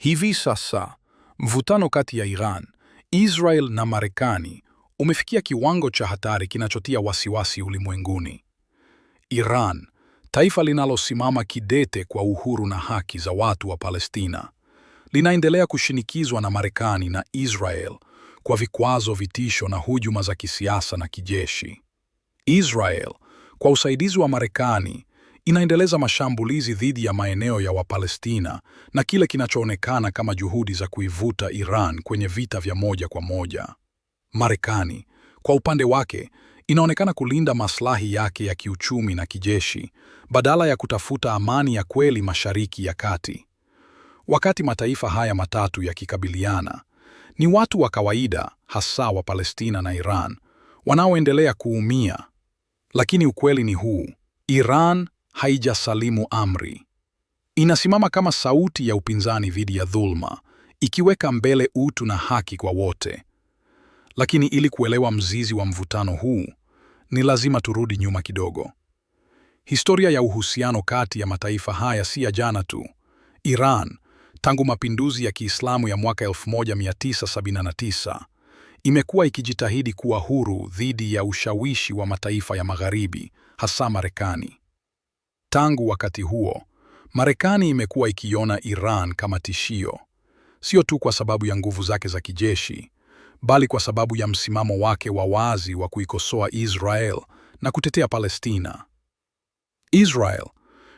Hivi sasa mvutano kati ya Iran, Israel na Marekani umefikia kiwango cha hatari kinachotia wasiwasi ulimwenguni. Iran, taifa linalosimama kidete kwa uhuru na haki za watu wa Palestina, linaendelea kushinikizwa na Marekani na Israel kwa vikwazo, vitisho na hujuma za kisiasa na kijeshi. Israel, kwa usaidizi wa Marekani, inaendeleza mashambulizi dhidi ya maeneo ya Wapalestina na kile kinachoonekana kama juhudi za kuivuta Iran kwenye vita vya moja kwa moja. Marekani, kwa upande wake, inaonekana kulinda maslahi yake ya kiuchumi na kijeshi badala ya kutafuta amani ya kweli Mashariki ya Kati. Wakati mataifa haya matatu yakikabiliana, ni watu wa kawaida, hasa wa Palestina na Iran, wanaoendelea kuumia. Lakini ukweli ni huu: Iran haijasalimu amri. Inasimama kama sauti ya upinzani dhidi ya dhulma, ikiweka mbele utu na haki kwa wote. Lakini ili kuelewa mzizi wa mvutano huu, ni lazima turudi nyuma kidogo. Historia ya uhusiano kati ya mataifa haya si ya jana tu. Iran tangu mapinduzi ya Kiislamu ya mwaka 1979 imekuwa ikijitahidi kuwa huru dhidi ya ushawishi wa mataifa ya Magharibi, hasa Marekani. Tangu wakati huo, Marekani imekuwa ikiona Iran kama tishio, sio tu kwa sababu ya nguvu zake za kijeshi, bali kwa sababu ya msimamo wake wa wazi wa kuikosoa Israel na kutetea Palestina. Israel,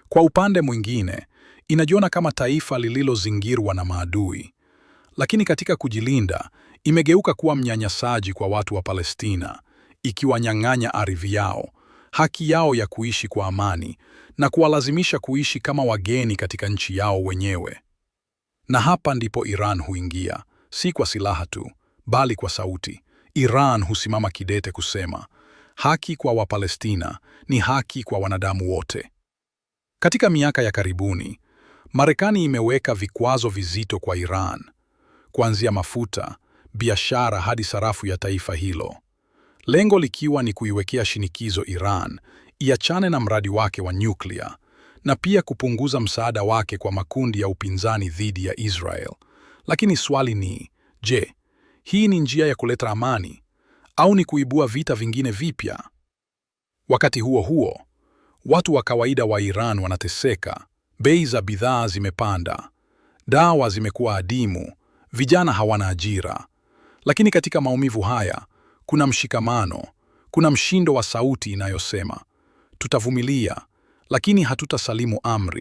kwa upande mwingine, inajiona kama taifa lililozingirwa na maadui, lakini katika kujilinda imegeuka kuwa mnyanyasaji kwa watu wa Palestina, ikiwanyang'anya ardhi yao haki yao ya kuishi kwa amani na kuwalazimisha kuishi kama wageni katika nchi yao wenyewe. Na hapa ndipo Iran huingia, si kwa silaha tu, bali kwa sauti. Iran husimama kidete kusema, haki kwa Wapalestina ni haki kwa wanadamu wote. Katika miaka ya karibuni, Marekani imeweka vikwazo vizito kwa Iran, kuanzia mafuta, biashara hadi sarafu ya taifa hilo lengo likiwa ni kuiwekea shinikizo Iran iachane na mradi wake wa nyuklia na pia kupunguza msaada wake kwa makundi ya upinzani dhidi ya Israel. Lakini swali ni je, hii ni njia ya kuleta amani au ni kuibua vita vingine vipya? Wakati huo huo, watu wa kawaida wa Iran wanateseka. Bei za bidhaa zimepanda, dawa zimekuwa adimu, vijana hawana ajira. Lakini katika maumivu haya kuna mshikamano, kuna mshindo wa sauti inayosema tutavumilia, lakini hatutasalimu amri.